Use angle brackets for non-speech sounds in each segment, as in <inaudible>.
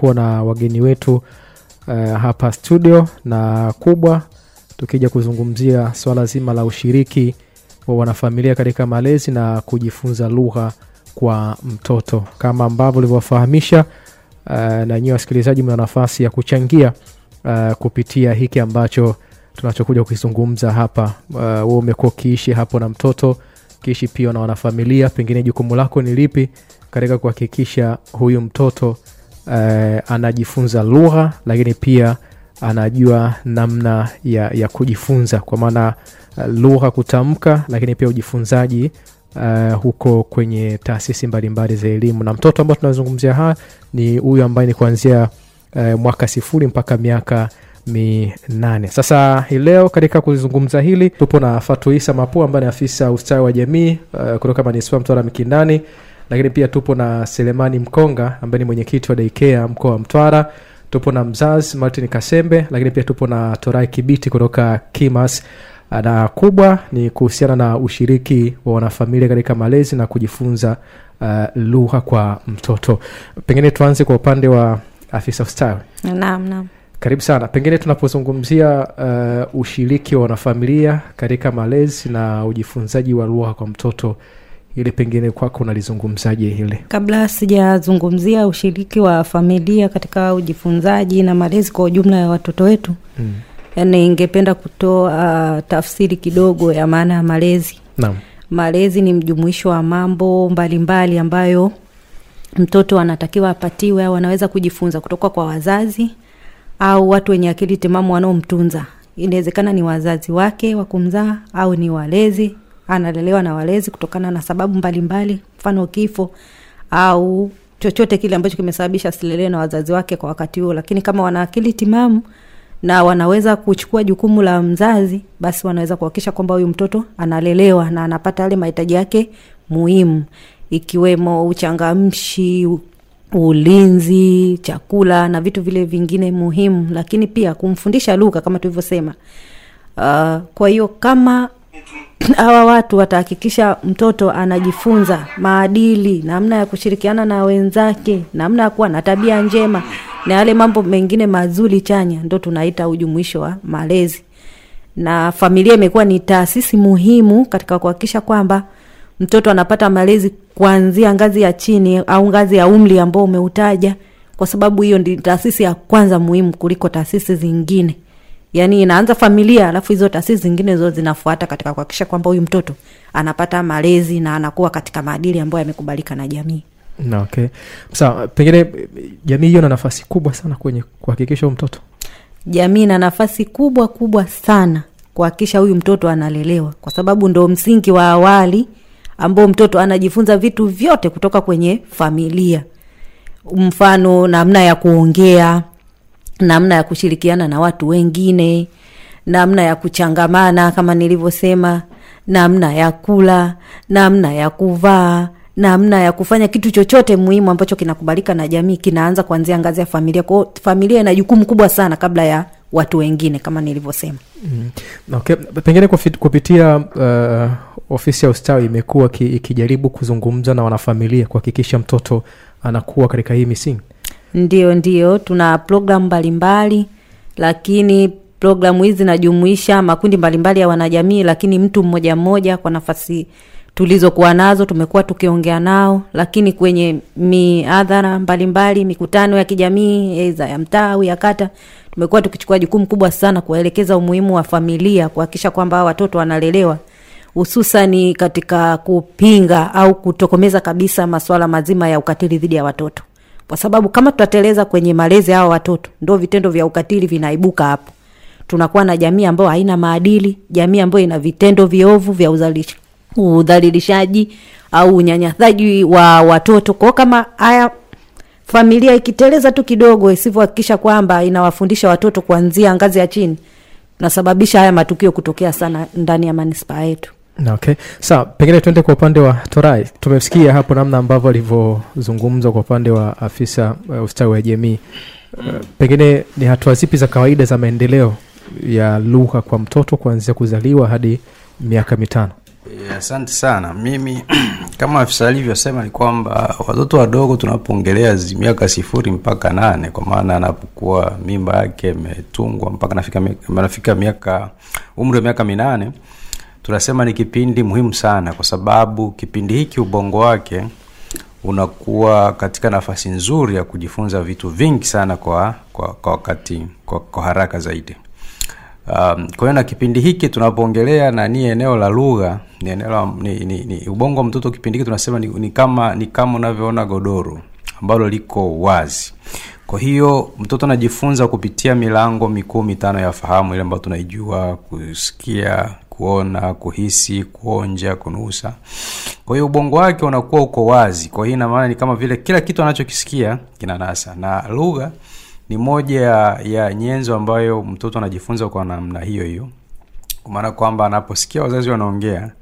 kuwa na wageni wetu uh, hapa studio na kubwa tukija kuzungumzia swala zima la ushiriki wa wanafamilia katika malezi na kujifunza lugha kwa mtoto kama ambavyo ulivyofahamisha uh, na nyiwe wasikilizaji mna nafasi ya kuchangia uh, kupitia hiki ambacho tunachokuja kukizungumza hapa we uh, umekuwa ukiishi hapo na mtoto kiishi pia na wanafamilia pengine jukumu lako ni lipi katika kuhakikisha huyu mtoto eh, anajifunza lugha lakini pia anajua namna ya, ya kujifunza kwa maana eh, lugha kutamka, lakini pia ujifunzaji uh, huko kwenye taasisi mbalimbali za elimu. Na mtoto ambao tunazungumzia hapa ni huyu ambaye ni kuanzia uh, mwaka sifuri mpaka miaka minane. Sasa hii leo katika kuzungumza hili tupo na Fatuisa Mapua ambaye ni afisa ustawi wa jamii uh, kutoka manispaa Mtwara Mikindani lakini pia tupo na selemani mkonga ambaye ni mwenyekiti wa daikea mkoa wa mtwara tupo na mzazi martin kasembe lakini pia tupo na torai kibiti kutoka kimas ah, na kubwa ni kuhusiana na ushiriki wa wanafamilia katika malezi na kujifunza uh, lugha kwa mtoto pengine tuanze kwa upande wa afisa ustawi naam naam karibu sana pengine tunapozungumzia uh, ushiriki wa wanafamilia katika malezi na ujifunzaji wa lugha kwa mtoto ili pengine kwako unalizungumzaje hile? Kabla sijazungumzia ushiriki wa familia katika ujifunzaji na malezi kwa ujumla ya watoto wetu mm. ningependa kutoa uh, tafsiri kidogo ya maana ya malezi. Naam. Malezi ni mjumuisho wa mambo mbalimbali mbali ambayo mtoto anatakiwa apatiwe au anaweza kujifunza kutoka kwa wazazi au watu wenye akili timamu wanaomtunza. Inawezekana ni wazazi wake wa kumzaa au ni walezi analelewa na walezi kutokana na sababu mbalimbali mfano mbali, kifo au chochote kile ambacho kimesababisha asilelewe na wazazi wake kwa wakati huo lakini kama wana akili timamu na wanaweza kuchukua jukumu la mzazi basi wanaweza kuhakikisha kwamba huyu mtoto analelewa na anapata yale mahitaji yake muhimu ikiwemo uchangamshi ulinzi chakula na vitu vile vingine muhimu lakini pia kumfundisha lugha kama tulivyosema uh, kwa hiyo kama hawa watu watahakikisha mtoto anajifunza maadili, namna ya kushirikiana na wenzake, namna ya kuwa na tabia njema na yale mambo mengine mazuri chanya, ndo tunaita ujumuisho wa malezi. Na familia imekuwa ni taasisi muhimu katika kuhakikisha kwamba mtoto anapata malezi kuanzia ngazi ya chini au ngazi ya umri ambao umeutaja, kwa sababu hiyo ndi taasisi ya kwanza muhimu kuliko taasisi zingine yani inaanza familia alafu hizo taasisi zingine zo zinafuata katika kuhakikisha kwamba huyu mtoto anapata malezi na anakuwa katika maadili ambayo yamekubalika na jamii na okay sawa pengine jamii hiyo na nafasi kubwa sana kwenye kuhakikisha huyu mtoto jamii na nafasi kubwa kubwa sana kuhakikisha huyu mtoto analelewa kwa sababu ndo msingi wa awali ambao mtoto anajifunza vitu vyote kutoka kwenye familia mfano namna ya kuongea namna ya kushirikiana na watu wengine, namna ya kuchangamana kama nilivyosema, namna ya kula, namna ya kuvaa namna ya kufanya kitu chochote muhimu ambacho kinakubalika na jamii kinaanza kuanzia ngazi ya familia. kwao familia ina jukumu kubwa sana kabla ya watu wengine kama nilivyosema. Mm. Okay. Pengine kupitia uh, ofisi ya ustawi imekuwa ikijaribu kuzungumza na wanafamilia kuhakikisha mtoto anakuwa katika hii misingi Ndiyo, ndio tuna programu mbalimbali, lakini programu hizi zinajumuisha makundi mbalimbali ya wanajamii, lakini mtu mmoja mmoja kwa nafasi tulizokuwa nazo tumekuwa tukiongea nao, lakini kwenye mihadhara mbalimbali, mikutano ya kijamii, aidha ya mtaa au ya kata, tumekuwa tukichukua jukumu kubwa sana kuwaelekeza umuhimu wa familia, kuhakikisha kwamba watoto wanalelewa hususani katika kupinga au kutokomeza kabisa masuala mazima ya ukatili dhidi ya watoto kwa sababu kama tutateleza kwenye malezi hawa watoto, ndo vitendo vya ukatili vinaibuka hapo. Tunakuwa na jamii ambayo haina maadili, jamii ambayo ina vitendo viovu vya udhalilishaji au unyanyasaji wa watoto. kwao kama haya familia ikiteleza tu kidogo, isivyohakikisha kwamba inawafundisha watoto kuanzia ngazi ya chini, nasababisha haya matukio kutokea sana ndani ya manispaa yetu okay sawa pengine tuende kwa upande wa torai tumesikia hapo namna ambavyo alivyozungumza kwa upande wa afisa uh, ustawi wa jamii uh, pengine ni hatua zipi za kawaida za maendeleo ya lugha kwa mtoto kuanzia kuzaliwa hadi miaka mitano eh, asante sana mimi <clears throat> kama afisa alivyosema ni kwamba watoto wadogo tunapoongelea miaka sifuri mpaka nane kwa maana anapokuwa mimba yake imetungwa mpaka nafika, anafika miaka umri wa miaka minane tunasema ni kipindi muhimu sana kwa sababu kipindi hiki ubongo wake unakuwa katika nafasi nzuri ya kujifunza vitu vingi sana kwa kwa, kwa wakati kwa, kwa haraka zaidi um, kwa hiyo na kipindi hiki tunapoongelea nani eneo la lugha ni eneo ni, ni, ni ubongo wa mtoto kipindi hiki tunasema ni, ni kama ni kama unavyoona godoro ambalo liko wazi kwa hiyo mtoto anajifunza kupitia milango mikuu mitano ya fahamu ile ambayo tunaijua kusikia kuona kuhisi kuonja kunusa kwa hiyo ubongo wake unakuwa uko wazi kwa hiyo maana ni kama vile kila kitu anachokisikia kinanasa na lugha ni moja ya, ya nyenzo ambayo mtoto anajifunza kwa namna hiyo hiyo kwa maana kwamba anaposikia wazazi wanaongea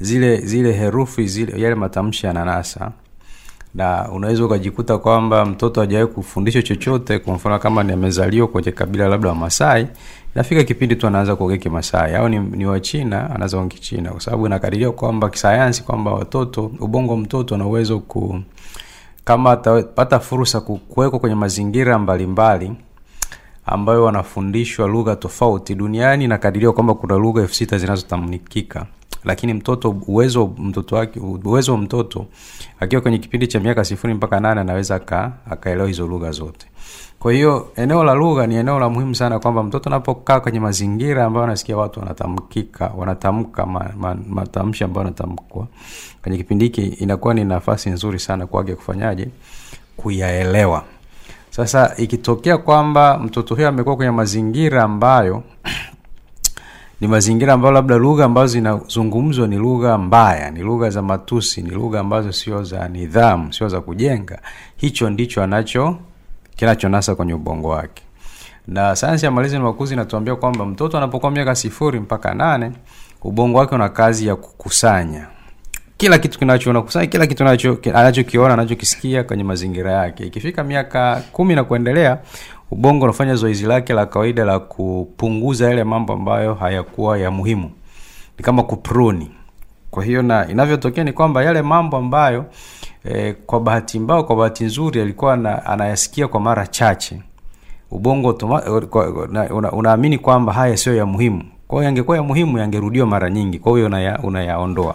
zile zile herufi zile yale matamshi yananasa na unaweza ukajikuta kwamba mtoto hajawahi kufundishwa chochote kwa mfano kama ni amezaliwa kwenye kabila labda wamasai nafika kipindi tu anaanza kuongea kimasai au ni, ni wachina anaanza kuongea kichina kwa sababu inakadiria kwamba kisayansi kwamba watoto ubongo mtoto ana uwezo ku kama atapata fursa kuwekwa kwenye mazingira mbalimbali mbali, ambayo wanafundishwa lugha tofauti duniani inakadiriwa kwamba kuna lugha elfu sita zinazotamnikika lakini mtoto uwezo mtoto wake uwezo wa mtoto akiwa kwenye kipindi cha miaka sifuri mpaka nane anaweza akaelewa hizo lugha zote kwa hiyo eneo la lugha ni eneo la muhimu sana kwamba mtoto anapokaa kwenye mazingira ambayo anasikia watu wanatamkika wanatamka matamshi ambayo anatamkwa kwenye kipindi hiki inakuwa ni nafasi nzuri sana kwake kufanyaje kuyaelewa sasa ikitokea kwamba mtoto huyo amekuwa kwenye mazingira ambayo ni mazingira ambayo labda lugha ambazo zinazungumzwa ni lugha mbaya ni lugha za matusi ni lugha ambazo sio za nidhamu sio za kujenga hicho ndicho anacho kinachonasa kwenye ubongo wake na sayansi ya malezi na makuzi inatuambia kwamba mtoto anapokuwa miaka sifuri mpaka nane ubongo wake una kazi ya kukusanya kila kitu kinachoona kusanya kila kitu anachokiona anachokisikia kwenye mazingira yake ikifika miaka kumi na kuendelea ubongo unafanya zoezi lake la kawaida la kupunguza yale mambo ambayo hayakuwa ya muhimu ni kama kupruni kwa hiyo na inavyotokea ni kwamba yale mambo ambayo e, kwa bahati mbao kwa bahati nzuri alikuwa anayasikia kwa mara chache ubongo unaamini una, kwamba haya sio ya muhimu kwa hiyo yangekuwa ya muhimu yangerudiwa mara nyingi kwa hiyo unayaondoa una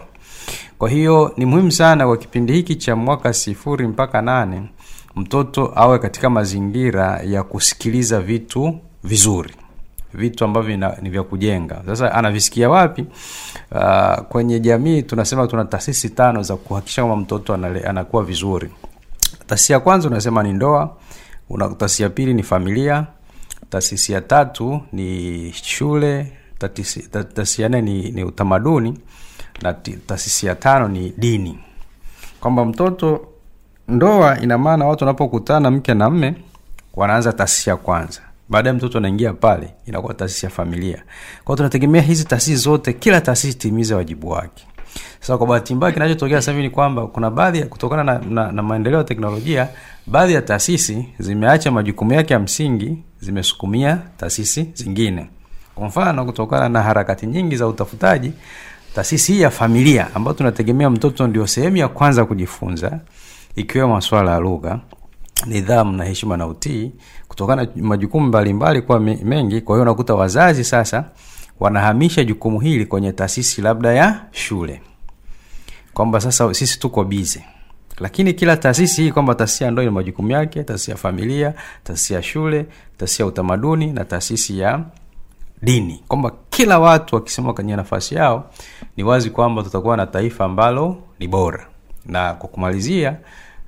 kwa hiyo ni muhimu sana kwa kipindi hiki cha mwaka sifuri mpaka nane mtoto awe katika mazingira ya kusikiliza vitu vizuri vitu ambavyo ni vya kujenga sasa anavisikia wapi uh, kwenye jamii tunasema tuna taasisi tano za kuhakikisha kwamba mtoto anale, anakuwa vizuri taasisi ya kwanza unasema ni ndoa una taasisi ya pili ni familia taasisi ya tatu ni shule taasisi ya nne ni, ni utamaduni na taasisi ya tano ni dini kwamba mtoto ndoa ina maana watu wanapokutana mke na mme wanaanza taasisi ya kwanza baadaye mtoto anaingia pale inakuwa taasisi ya familia kwao tunategemea hizi taasisi zote kila taasisi timize wajibu wake sasa kwa bahati mbaya kinachotokea sasa hivi ni kwamba kuna baadhi kutokana na, na, na maendeleo ya teknolojia baadhi ya taasisi zimeacha majukumu yake ya msingi zimesukumia taasisi zingine kwa mfano kutokana na harakati nyingi za utafutaji taasisi hii ya familia ambayo tunategemea mtoto ndio sehemu ya kwanza kujifunza ikiwemo masuala ya lugha nidhamu na heshima na utii kutokana na majukumu mbalimbali kuwa mengi kwa hiyo unakuta wazazi sasa wanahamisha jukumu hili kwenye taasisi labda ya shule kwamba sasa sisi tuko bize lakini kila taasisi hii kwamba taasisi ya ndoa ina majukumu yake taasisi ya familia taasisi ya shule taasisi ya utamaduni na taasisi ya dini kwamba kila watu wakisema kwenye nafasi yao ni wazi kwamba tutakuwa na taifa ambalo ni bora na kwa kumalizia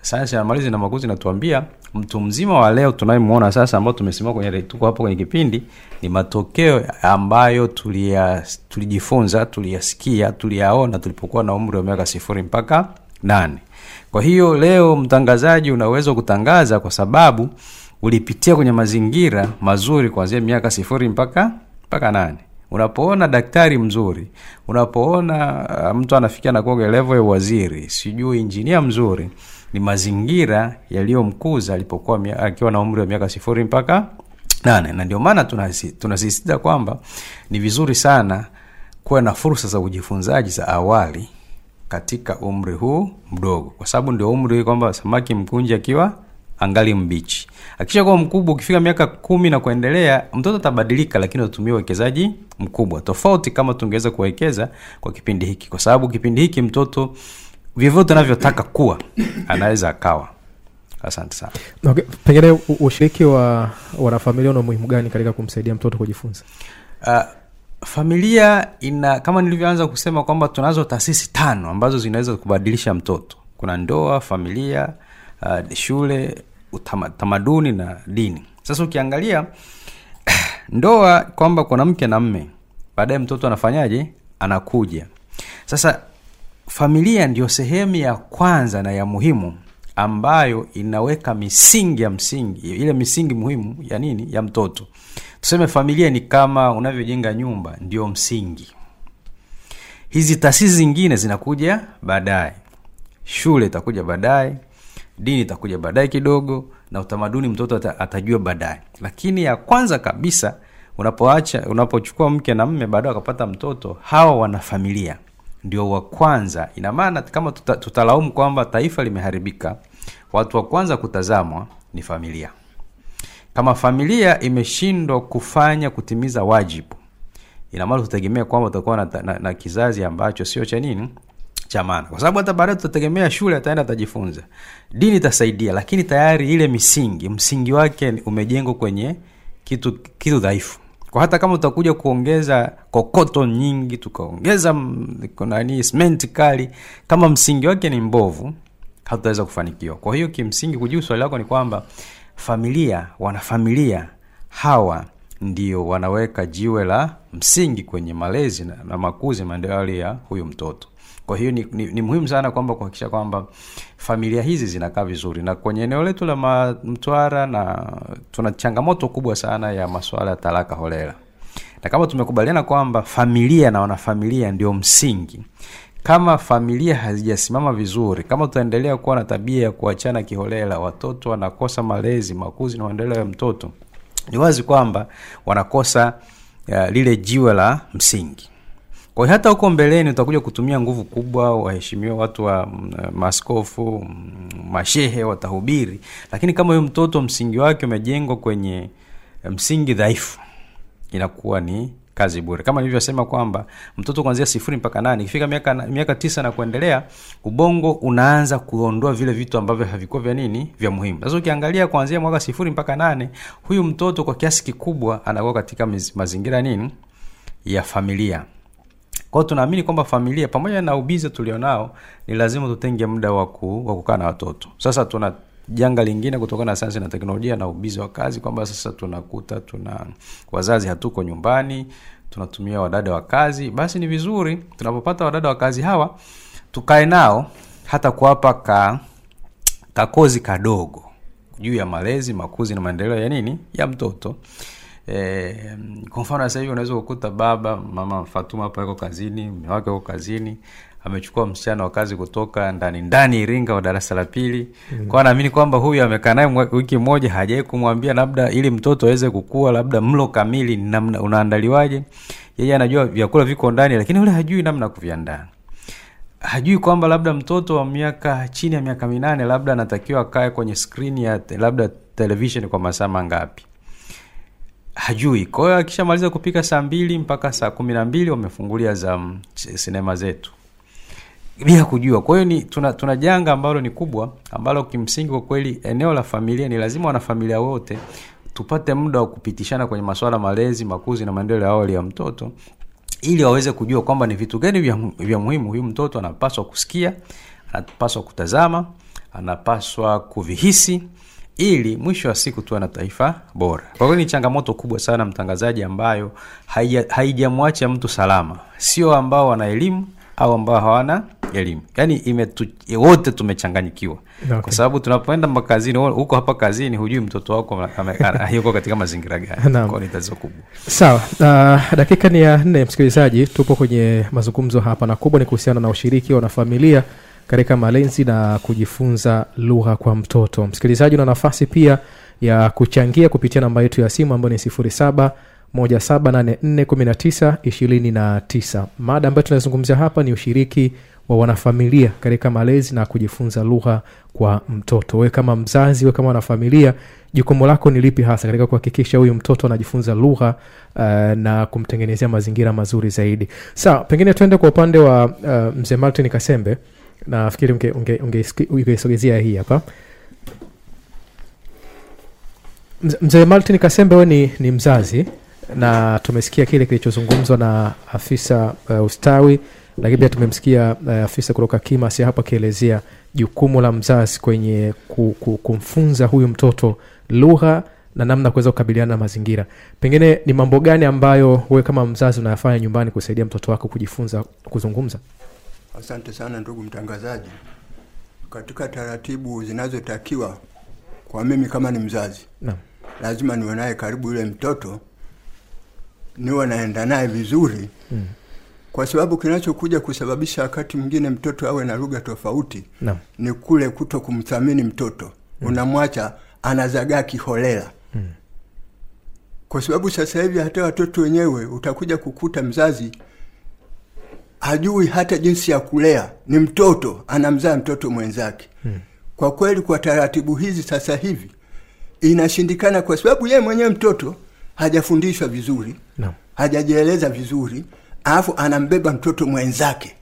sayansi ya malezi na makuzi natuambia mtu mzima wa leo tunayemwona sasa ambao tumesimama kwenye tuko hapo kwenye kipindi ni matokeo ambayo tulia, tulijifunza tuliyasikia tuliyaona tulipokuwa na umri wa miaka sifuri mpaka nane kwa hiyo leo mtangazaji unaweza kutangaza kwa sababu ulipitia kwenye mazingira mazuri kuanzia miaka sifuri mpaka mpaka nane unapoona daktari mzuri unapoona uh, mtu anafikia nakuaga level ya waziri sijui injinia mzuri ni mazingira yaliyomkuza alipokuwa akiwa na umri wa miaka sifuri mpaka nane na ndio maana tunasisitiza kwamba ni vizuri sana kuwa na fursa za ujifunzaji za awali katika umri huu mdogo kwa sababu ndio umri kwamba samaki mkunji akiwa angali mbichi. Akisha kuwa mkubwa, ukifika miaka kumi na kuendelea, mtoto atabadilika, lakini atatumia uwekezaji mkubwa tofauti kama tungeweza kuwekeza kwa kipindi hiki, kwa sababu kipindi hiki mtoto vyovyote anavyotaka kuwa anaweza akawa. Asante sana. Okay, pengine ushiriki wa wanafamilia una umuhimu gani katika kumsaidia mtoto kujifunza? Uh, familia ina kama nilivyoanza kusema kwamba tunazo taasisi tano ambazo zinaweza kubadilisha mtoto. Kuna ndoa, familia, uh, shule utama, tamaduni na dini sasa ukiangalia <clears throat> ndoa kwamba kuna mke na mme baadaye mtoto anafanyaje anakuja sasa familia ndio sehemu ya kwanza na ya muhimu ambayo inaweka misingi ya msingi ile misingi muhimu ya nini ya mtoto tuseme familia ni kama unavyojenga nyumba ndio msingi hizi taasisi zingine zinakuja baadaye shule itakuja baadaye dini itakuja baadaye kidogo na utamaduni mtoto atajua baadaye lakini ya kwanza kabisa unapoacha unapochukua mke na mme baadaye wakapata mtoto hawa wana familia ndio wa kwanza ina maana kama tuta, tutalaumu kwamba taifa limeharibika watu wa kwanza kutazamwa ni familia kama familia imeshindwa kufanya kutimiza wajibu inamaana tutegemea kwamba utakuwa na, na, na kizazi ambacho sio cha nini cha maana, kwa sababu hata baadae tutategemea shule, ataenda atajifunza dini, itasaidia, lakini tayari ile misingi, msingi wake umejengwa kwenye kitu kitu dhaifu kwa hata kama utakuja kuongeza kokoto nyingi tukaongeza nani simenti kali, kama msingi wake ni mbovu, hatutaweza kufanikiwa. Kwa hiyo kimsingi, kujuu swali lako ni kwamba familia, wanafamilia hawa ndio wanaweka jiwe la msingi kwenye malezi na, na makuzi maendeleo ya huyu mtoto kwa hiyo ni, ni, ni muhimu sana kwamba kuhakikisha kwamba familia hizi zinakaa vizuri na kwenye eneo letu la mtwara na tuna changamoto kubwa sana ya maswala ya talaka holela na kama tumekubaliana kwamba familia na wanafamilia ndio msingi kama familia hazijasimama vizuri kama tutaendelea kuwa na tabia ya kuachana kiholela watoto wanakosa malezi makuzi na maendeleo ya mtoto ni wazi kwamba wanakosa uh, lile jiwe la msingi kwa hiyo hata huko mbeleni utakuja kutumia nguvu kubwa, waheshimiwa, watu wa maskofu, mm, mm, mashehe watahubiri, lakini kama huyo mtoto msingi wake umejengwa kwenye eh, msingi dhaifu, inakuwa ni kazi bure kama nilivyosema kwamba mtoto kuanzia sifuri mpaka nane ikifika miaka, miaka tisa na kuendelea ubongo unaanza kuondoa vile vitu ambavyo havikuwa vya nini vya muhimu sasa ukiangalia kuanzia mwaka sifuri mpaka nane huyu mtoto kwa kiasi kikubwa anakuwa katika mazingira nini ya familia kwao tunaamini kwamba familia pamoja na ubizi tulionao ni lazima tutenge muda wa kukaa na watoto sasa tuna janga lingine kutokana na sayansi na teknolojia na ubizi wa kazi kwamba sasa tunakuta tuna wazazi hatuko nyumbani tunatumia wadada wa kazi basi ni vizuri tunapopata wadada wa kazi hawa tukae nao hata kuwapa ka kakozi kadogo juu ya malezi makuzi na maendeleo ya nini ya mtoto Eh, kwa mfano sasa hivi unaweza kukuta baba mama fatuma hapa yuko kazini mme wake yuko kazini amechukua msichana wa kazi kutoka ndani ndani iringa wa darasa la pili mm. Kwa naamini kwamba huyu amekaa naye wiki moja hajawai kumwambia labda ili mtoto aweze kukua labda mlo kamili namna unaandaliwaje yeye anajua vyakula viko ndani lakini yule hajui namna kuviandaa hajui kwamba labda mtoto wa miaka chini ya miaka minane labda anatakiwa akae kwenye skrini ya labda televishen kwa masaa mangapi hajui kwa hiyo akishamaliza kupika saa mbili mpaka saa kumi na mbili wamefungulia za eh, sinema zetu bila kujua kwa hiyo ni tuna, tuna janga ambalo ni kubwa ambalo kimsingi kwa kweli eneo la familia ni lazima wanafamilia wote tupate muda wa kupitishana kwenye masuala malezi makuzi na maendeleo ya awali ya mtoto ili waweze kujua kwamba ni vitu gani vya, vya muhimu huyu mtoto anapaswa kusikia anapaswa kutazama anapaswa kuvihisi ili mwisho wa siku tuwe na taifa bora kwa kweli ni changamoto kubwa sana mtangazaji ambayo haijamwacha haija mtu salama sio ambao wana elimu au ambao hawana elimu yaani wote tumechanganyikiwa okay. kwa sababu tunapoenda makazini huko hapa kazini hujui mtoto wako yuko katika mazingira gani ni tatizo kubwa sawa uh, dakika ni ya nne msikilizaji tupo kwenye mazungumzo hapa na kubwa ni kuhusiana na ushiriki wanafamilia familia katika malenzi na kujifunza lugha kwa mtoto msikilizaji una nafasi pia ya kuchangia kupitia namba yetu ya simu ambayo ni 07 17841929 mada ambayo tunazungumzia hapa ni ushiriki wa wanafamilia katika malezi na kujifunza lugha kwa mtoto we kama mzazi we kama wanafamilia jukumu lako ni lipi hasa katika kuhakikisha huyu mtoto anajifunza lugha uh, na kumtengenezea mazingira mazuri zaidi sawa pengine tuende kwa upande wa uh, mzee martin kasembe uh, nafikiri ungeisogezia hii hapa mzee martin kasembe we ni, ni mzazi na tumesikia kile kilichozungumzwa na afisa uh, ustawi lakini pia tumemsikia uh, afisa kutoka kimasi hapo akielezea jukumu la mzazi kwenye ku, ku, kumfunza huyu mtoto lugha na namna kuweza kukabiliana na mazingira pengine ni mambo gani ambayo wewe kama mzazi unayafanya nyumbani kusaidia mtoto wako kujifunza kuzungumza Asante sana ndugu mtangazaji. Katika taratibu zinazotakiwa kwa mimi kama ni mzazi na, lazima niwe naye karibu yule mtoto, niwe naenda naye vizuri mm. kwa sababu kinachokuja kusababisha wakati mwingine mtoto awe na lugha tofauti na, ni kule kuto kumthamini mtoto mm. unamwacha anazagaa kiholela mm. kwa sababu sasa hivi hata watoto wenyewe utakuja kukuta mzazi hajui hata jinsi ya kulea, ni mtoto anamzaa mtoto mwenzake hmm. Kwa kweli kwa taratibu hizi sasa hivi inashindikana, kwa sababu yeye mwenyewe mtoto hajafundishwa vizuri no. hajajieleza vizuri, alafu anambeba mtoto mwenzake.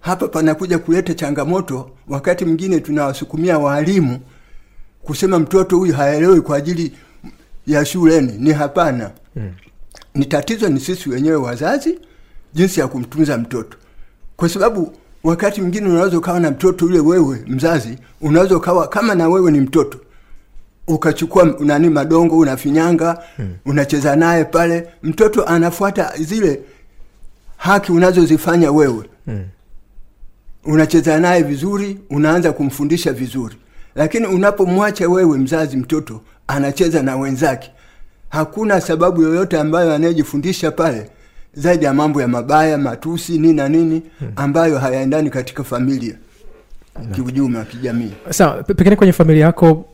Hapa panakuja kuleta changamoto. Wakati mwingine tunawasukumia waalimu kusema mtoto huyu haelewi kwa ajili ya shuleni, ni hapana hmm. Ni tatizo ni sisi wenyewe wazazi jinsi ya kumtunza mtoto, kwa sababu wakati mwingine unaweza ukawa na mtoto yule, wewe mzazi unaweza ukawa kama na wewe ni mtoto ukachukua nani madongo unafinyanga, hmm. unacheza naye pale, mtoto anafuata zile haki unazozifanya wewe hmm. unacheza naye vizuri, unaanza kumfundisha vizuri, lakini unapomwacha wewe mzazi, mtoto anacheza na wenzake, hakuna sababu yoyote ambayo anayejifundisha pale zaidi ya mambo ya mabaya, matusi, nini na nini ambayo hayaendani katika familia kiujumla, kijamii. Sawa, pengine kwenye familia yako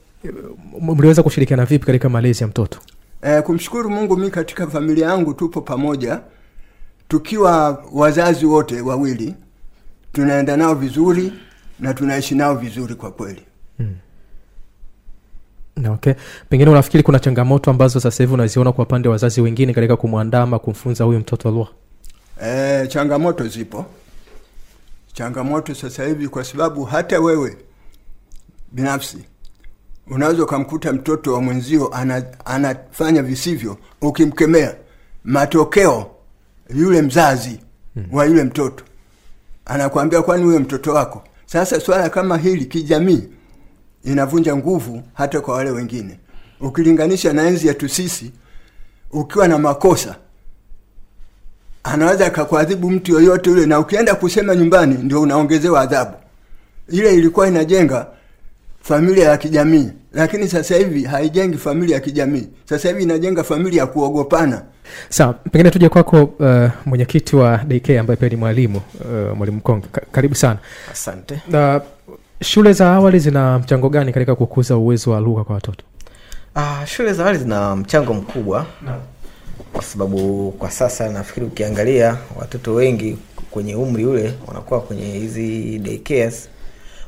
mliweza kushirikiana vipi katika malezi ya mtoto? E, kumshukuru Mungu, mi katika familia yangu tupo pamoja tukiwa wazazi wote wawili, tunaenda nao vizuri na tunaishi nao vizuri kwa kweli. Hmm okay pengine unafikiri kuna changamoto ambazo sasa hivi unaziona kwa upande wa wazazi wengine katika kumwandaa ama kumfunza huyu mtoto lua e, changamoto zipo changamoto sasa hivi kwa sababu hata wewe binafsi unaweza ukamkuta mtoto wa mwenzio ana, anafanya visivyo ukimkemea matokeo yule mzazi hmm. wa yule mtoto anakuambia kwani huyo mtoto wako sasa swala kama hili kijamii inavunja nguvu hata kwa wale wengine. Ukilinganisha na enzi yetu sisi, ukiwa na makosa anaweza akakuadhibu mtu yoyote yule, na ukienda kusema nyumbani ndio unaongezewa adhabu. Ile ilikuwa inajenga familia ya kijamii, lakini sasa hivi haijengi familia ya kijamii. Sasa hivi inajenga familia ya kuogopana. Sawa, pengine tuje kwako, uh, mwenyekiti wa DK ambaye pia ni mwalimu uh, mwalimu Konge, karibu sana. Asante. Uh, shule za awali zina mchango gani katika kukuza uwezo wa lugha kwa watoto ah, shule za awali zina mchango mkubwa kwa sababu kwa sasa nafikiri ukiangalia watoto wengi kwenye umri ule wanakuwa kwenye hizi daycares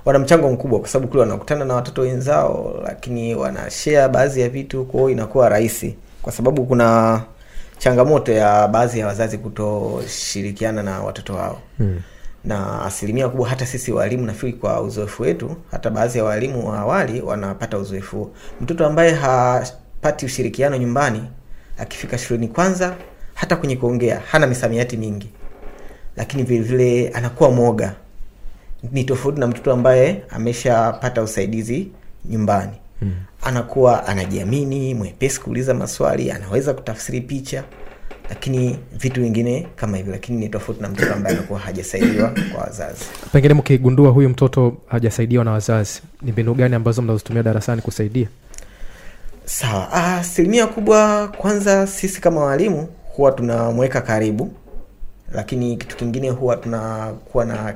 wana mchango mkubwa kwa sababu kule wanakutana na watoto wenzao lakini wanashea baadhi ya vitu kwao inakuwa rahisi kwa sababu kuna changamoto ya baadhi ya wazazi kutoshirikiana na watoto wao hmm na asilimia kubwa hata sisi walimu nafikiri kwa uzoefu wetu, hata baadhi ya walimu wa awali wanapata uzoefu huo. Mtoto ambaye hapati ushirikiano nyumbani, akifika shuleni kwanza, hata kwenye kuongea hana misamiati mingi, lakini vile vile anakuwa mwoga. Ni tofauti na mtoto ambaye ameshapata usaidizi nyumbani hmm. Anakuwa anajiamini, mwepesi kuuliza maswali, anaweza kutafsiri picha lakini vitu vingine kama hivyo lakini ni tofauti na mtoto ambaye anakuwa hajasaidiwa kwa wazazi pengine mkigundua huyu mtoto hajasaidiwa na wazazi ni mbinu gani ambazo mnazotumia darasani kusaidia sawa ah, asilimia kubwa kwanza sisi kama walimu huwa tunamweka karibu lakini kitu kingine huwa tunakuwa na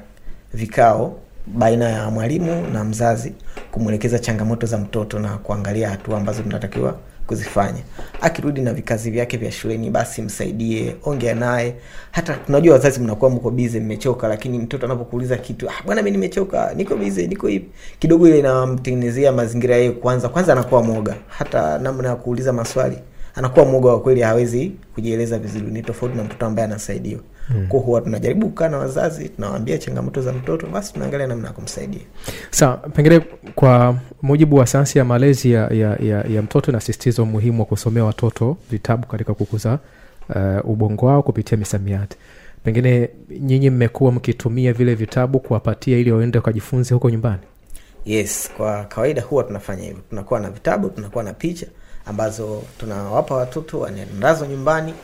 vikao baina ya mwalimu na mzazi kumwelekeza changamoto za mtoto na kuangalia hatua ambazo tunatakiwa kuzifanya. Akirudi na vikazi vyake vya shuleni, basi msaidie, ongea naye. Hata tunajua wazazi mnakuwa mko bize mmechoka, lakini mtoto anapokuuliza kitu, ah, bwana, mimi nimechoka, niko bize niko hivi, kidogo ile inamtengenezea mazingira yeye. Kwanza kwanza anakuwa mwoga, hata namna ya kuuliza maswali anakuwa mwoga wa kweli, hawezi kujieleza vizuri. Ni tofauti na mtoto ambaye anasaidiwa mm. huwa tunajaribu kukaa na wazazi tunawaambia changamoto za mtoto basi tunaangalia namna ya kumsaidia sawa pengine kwa mujibu wa sayansi ya malezi ya, ya, ya, ya mtoto inasistiza umuhimu wa kusomea watoto vitabu katika kukuza uh, ubongo wao kupitia misamiati pengine nyinyi mmekuwa mkitumia vile vitabu kuwapatia ili waende wakajifunze huko nyumbani yes kwa kawaida huwa tunafanya hivyo tunakuwa na vitabu tunakuwa na picha ambazo tunawapa watoto wanaendazo nyumbani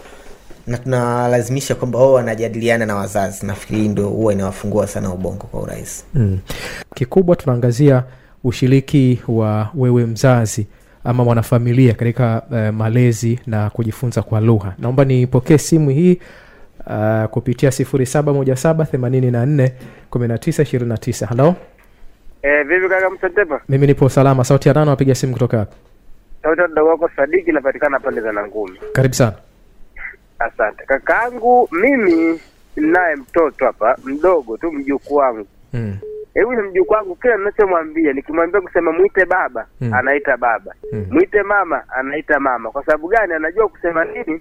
na tunawalazimisha kwamba wao wanajadiliana na wazazi. Nafikiri ndio huwa inawafungua sana ubongo kwa urahisi. Mm. Kikubwa tunaangazia ushiriki wa wewe mzazi ama mwanafamilia katika uh, malezi na kujifunza kwa lugha. Naomba nipokee simu hii uh, kupitia sifuri saba moja saba themanini na nne kumi na tisa ishirini na tisa. Halo. Eh, vivi kaka Msentepa? Mimi nipo salama. Sauti ya nano, wapiga simu kutoka hapa. Sauti ya mdogo wako Sadiki, napatikana pande za Nangumi. Karibu sana. Asante kakaangu, mimi naye mtoto hapa mdogo tu, mjuku wangu mm. Hebu ni mjuku wangu, kila ninachomwambia nikimwambia kusema mwite baba mm. anaita baba mm. mwite mama anaita mama. Kwa sababu gani? Anajua kusema nini,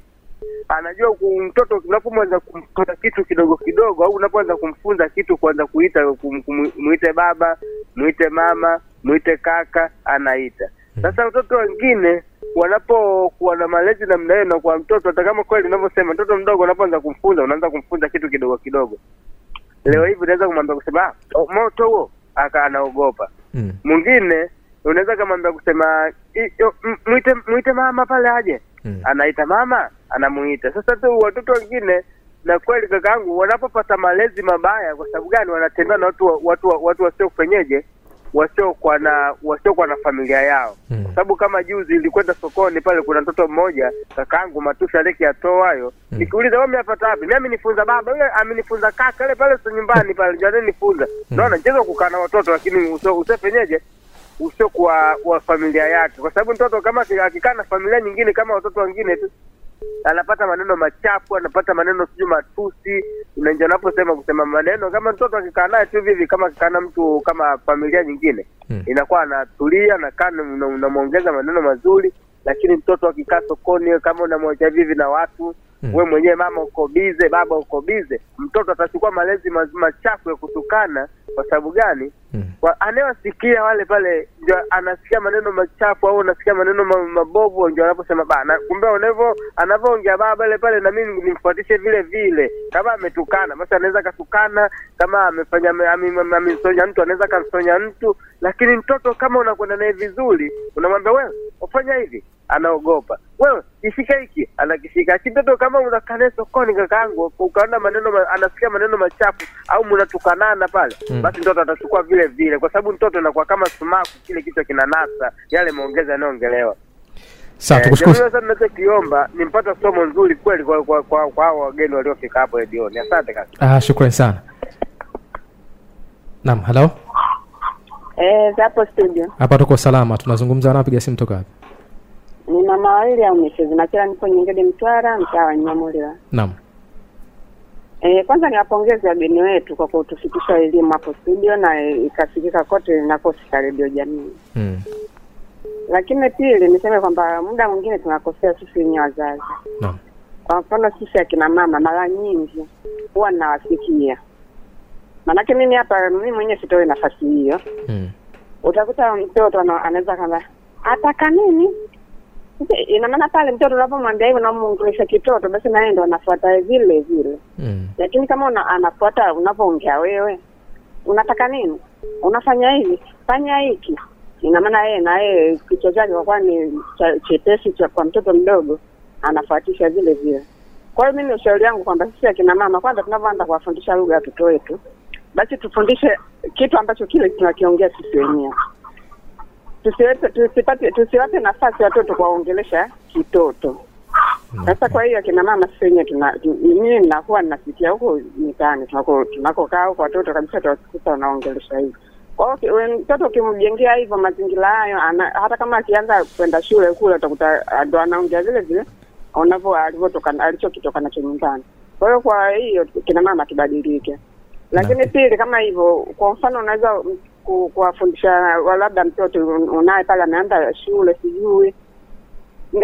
anajua mtoto. unapoanza kumfunza kitu kidogo kidogo, au unapoanza kumfunza kitu, kuanza kuita mwite baba, mwite mama, mwite kaka, anaita hmm. sasa. mtoto wengine wanapokuwa na malezi namna hiyo na kwa mtoto, hata kama kweli unavyosema, mtoto mdogo unapoanza kumfunza, unaanza kumfunza kitu kidogo kidogo. Leo hivi unaweza kumwambia kusema ah, oh, moto huo, aka anaogopa. Mm. Mwingine mm. unaweza kumwambia kusema mwite mwite mama pale aje. Mm. Anaita mama, anamuita. Sasa tu watoto wengine na kweli kakaangu, wanapopata malezi mabaya, kwa sababu gani? Wanatembea na watu watu watu wasiokwenyeje wasiokuwa na wasiokuwa na familia yao mm. Kwa sababu kama juzi ilikwenda sokoni pale, kuna mtoto mmoja kakaangu Matusha Leki hayo mm. Nikiuliza wewe umepata wapi? Mimi amenifunza baba, yule amenifunza kaka, yule pale sio nyumbani pale, ndio nifunza mm. Naona kukaa na watoto, lakini usiofenyeje usio kwa wa familia yake, kwa sababu mtoto kama akikaa na familia nyingine kama watoto wengine tu anapata maneno machafu, anapata maneno siju matusi. Ndio unaposema kusema maneno kama mtoto akikaa naye tu vivi kama akikaa na mtu kama familia nyingine hmm, inakuwa anatulia, nakaa unamwongeza maneno mazuri, lakini mtoto akikaa sokoni, kama unamwacha vivi na watu mm. we mwenyewe mama uko bize, baba uko bize, mtoto atachukua malezi machafu ya kutukana. Kwa sababu gani? mm. anayewasikia wale pale ndio anasikia maneno machafu au anasikia maneno mabovu, ndio anaposema bana, kumbe unavyo anavyoongea baba pale pale, na mimi nimfuatishe vile vile. Kama ametukana basi anaweza akatukana, kama amefanya amemsonya mtu anaweza akamsonya mtu, lakini mtoto kama unakwenda naye vizuri, unamwambia wewe ufanya hivi anaogopa. Wewe kishika hiki, anakishika kitoto. Kama unakaa sokoni, kakaangu, ukaona maneno ma, anasikia maneno machafu au mnatukanana pale mm, basi mtoto atachukua vile vile, kwa sababu mtoto anakuwa kama sumaku, kile kichwa kinanasa yale maongezi yanayoongelewa. Eh, sasa tukushukuru ni mpata somo nzuri kweli kwa kwa kwa, hao wageni waliofika hapo Asante kaka. Ah, shukrani sana. Naam, eh, studio. Hapa tuko salama. Tunazungumza na simu toka ni mama wawili au michezo na kila niko nyingine Mtwara, mtaa wa Nyamulewa. Naam. E, kwanza niwapongeze wageni wetu kwa kutufikisha elimu hapo studio na ikasikika kote inakosika redio jamii mm. Lakini pili niseme kwamba muda mwingine tunakosea sisi wenyewe wazazi Kwa mfano sisi akina mama mara nyingi huwa nawasikia, maanake mimi hapa mimi mwenyewe sitoe nafasi hiyo mm. Utakuta mtoto anaweza kamba ataka nini ina maana pale mtoto unapomwambia hivyo unamwongelesha kitoto, basi naye ndo anafuata vile vile mm. Lakini kama una, anafuata unapoongea wewe, unataka nini, unafanya hivi, fanya hiki, ina maana yeye na yeye kichwa chake kwa ni chepesi cha kwa mtoto mdogo anafuatisha vile vile. Kwa hiyo mimi ushauri wangu kwamba sisi akina mama, kwanza tunavyoanza kuwafundisha lugha ya watoto wetu, basi tufundishe kitu ambacho kile tunakiongea sisi wenyewe tusiwape tusipate tusiwape nafasi watoto kuwaongelesha kitoto sasa kwa hiyo akina mama sisi tuna mimi ninakuwa ninafikia huko mitaani tunako tunakokaa huko watoto kabisa tuwasikuta wanaongelesha hivi kwa hiyo mtoto ukimjengea hivyo mazingira hayo hata kama akianza kwenda shule kule utakuta ah, ndo anaongea vile vile unavyo alivyotoka alichokitoka nacho nyumbani kwa hiyo kwa hiyo kina mama tubadilike lakini pili kama hivyo kwa mfano unaweza kuwafundisha labda mtoto unaye pale ameanza shule sijui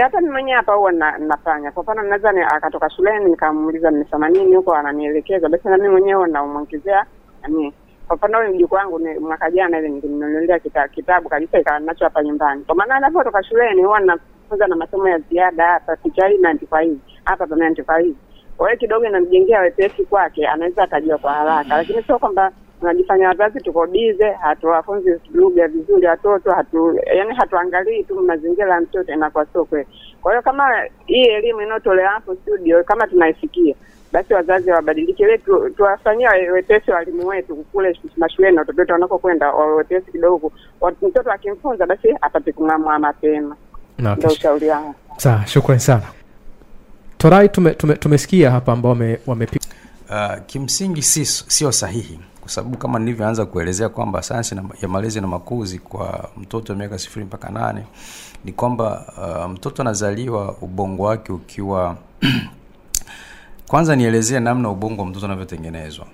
hata ni mwenyewe hapa huwa na, nafanya kwa mfano naweza akatoka shuleni nikamuuliza nimesoma nini huko ananielekeza basi na mi mwenyewe huwa namwongezea nani kwa mfano huyu mjuku wangu mwaka jana ile nilimnunulia kita, kitabu kabisa ikawa nacho hapa nyumbani kwa maana anapotoka shuleni huwa nafunza na masomo ya ziada hapa picha hii imeandikwa hivi hapa pameandikwa hivi kwa hiyo kidogo inamjengea wepesi kwake anaweza akajua kwa haraka lakini sio kwamba tunajifanya wazazi tuko bize, hatuwafunzi lugha vizuri watoto hatu, yani hatuangalii tu mazingira ya mtoto inakuwa sio kweli. Kwa hiyo kama hii elimu inayotolewa hapo studio kama tunaisikia basi wazazi wabadilike, ile tuwafanyia tu wepesi walimu wetu kule mashuleni watoto wetu wanakokwenda wepesi kidogo, mtoto akimfunza basi apate kung'amua mapema. Ndio ushauri wangu. Sawa, shukran sana. Torai, tumesikia tume, tume hapa ambao wame, wame... Uh, ah, kimsingi sio sahihi kwa sababu kama nilivyoanza kuelezea kwamba sayansi ya malezi na makuzi kwa mtoto miaka sifuri mpaka nane ni kwamba uh, mtoto anazaliwa ubongo wake ukiwa <clears throat> kwanza nielezee namna ubongo wa mtoto unavyotengenezwa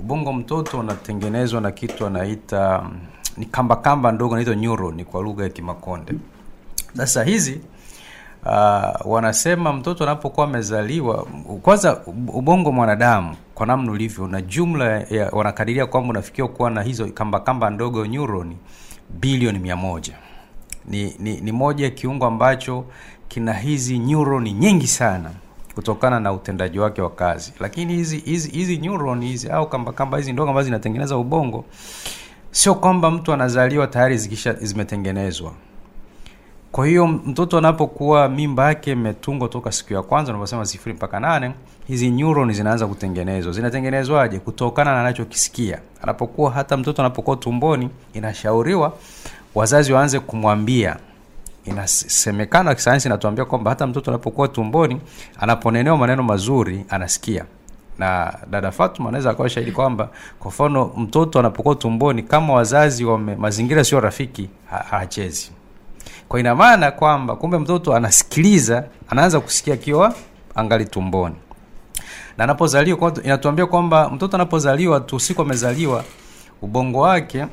ubongo wa mtoto unatengenezwa na kitu anaita ni kambakamba ndogo naitwa ni kwa lugha ya kimakonde sasa hizi uh, wanasema mtoto anapokuwa amezaliwa, kwanza ubongo mwanadamu kwa namna ulivyo na jumla ya, wanakadiria kwamba unafikiwa kuwa na hizo kambakamba kamba ndogo neuroni bilioni mia moja ni, ni, ni moja ya kiungo ambacho kina hizi neuroni nyingi sana kutokana na utendaji wake wa kazi, lakini hizi hizi hizi neuroni hizi au kambakamba hizi ndogo ambazo zinatengeneza ubongo, sio kwamba mtu anazaliwa tayari zikisha zimetengenezwa kwa hiyo mtoto anapokuwa mimba yake imetungwa toka siku ya kwanza, unavyosema sifuri mpaka nane, hizi neuron zinaanza kutengenezwa. Zinatengenezwaje? Kutokana na anachokisikia anapokuwa, hata mtoto anapokuwa tumboni, inashauriwa wazazi waanze kumwambia inasemekana kisayansi inatuambia kwamba hata mtoto anapokuwa tumboni anaponenewa maneno mazuri anasikia. Na dada Fatuma anaweza akawa shahidi kwamba kwa mfano mtoto anapokuwa tumboni, kama wazazi wame mazingira sio rafiki, hachezi kwa ina maana kwamba kumbe mtoto anasikiliza anaanza kusikia akiwa angali tumboni na anapozaliwa kwa inatuambia kwamba mtoto anapozaliwa tu siku amezaliwa ubongo wake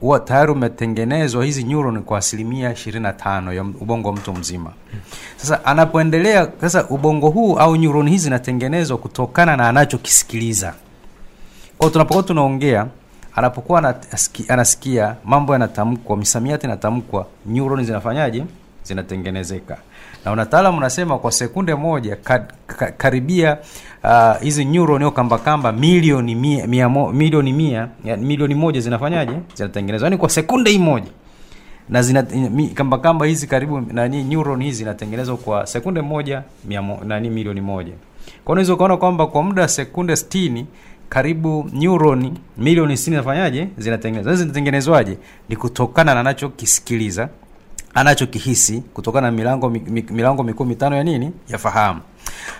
huwa tayari umetengenezwa hizi neuron kwa asilimia 25 ya ubongo wa mtu mzima. Sasa anapoendelea sasa, ubongo huu au neuron hizi zinatengenezwa kutokana na anachokisikiliza. Kwa tunapokuwa tunaongea anapokuwa anasikia mambo yanatamkwa, misamiati inatamkwa, neuroni zinafanyaje? Zinatengenezeka. Na unataalamu unasema kwa sekunde moja ka, ka, karibia ah, hizi uh, neuroni au kambakamba milioni mia, mia, milioni mia, milioni moja zinafanyaje? Zinatengenezwa yaani kwa sekunde hii moja na zina kamba kamba hizi karibu nani neuron hizi zinatengenezwa kwa sekunde moja mia mo, nani milioni moja. Kwa hiyo unaweza ukaona kwamba kwa muda sekunde karibu neuroni milioni 60 zinafanyaje zinatengenezwa zinatengenezwaje ni kutokana na anachokisikiliza anachokihisi kutokana na milango milango mikuu mitano ya nini ya fahamu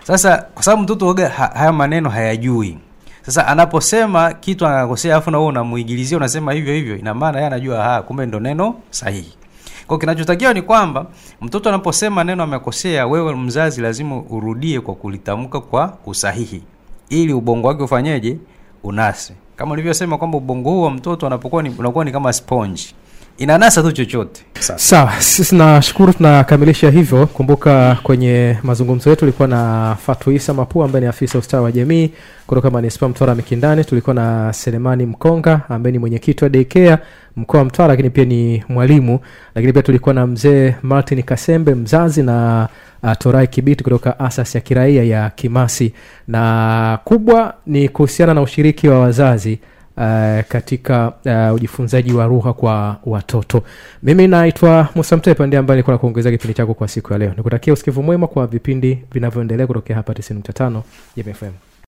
sasa kwa sababu mtoto waga ha, haya maneno hayajui sasa anaposema kitu anakosea afu na wewe unamuigilizia unasema hivyo hivyo ina maana yeye anajua ha kumbe ndo neno sahihi kwa kinachotakiwa ni kwamba mtoto anaposema neno amekosea wewe mzazi lazima urudie kwa kulitamka kwa usahihi ili ubongo wake ufanyeje unase kama ulivyosema kwamba ubongo huu wa mtoto anapokuwa ni, unakuwa ni kama sponge inanasa tu chochote sawa sisi nashukuru tunakamilisha hivyo kumbuka kwenye mazungumzo yetu ulikuwa na fatuisa mapua ambaye ni afisa ustawi wa jamii kutoka manispa mtwara mikindani tulikuwa na selemani mkonga ambaye ni mwenyekiti wa dekea mkoa wa mtwara lakini pia ni mwalimu lakini pia tulikuwa na mzee martin kasembe mzazi na uh, ah, Torai Kibiti kutoka asas ya kiraia ya Kimasi, na kubwa ni kuhusiana na ushiriki wa wazazi uh, katika uh, ujifunzaji wa rugha kwa watoto. Mimi naitwa Musa Mtepa, ndiye ambaye nilikuwa nakuongezea kipindi chako kwa siku ya leo. Nikutakia usikivu mwema kwa vipindi vinavyoendelea kutokea hapa 95 jmfm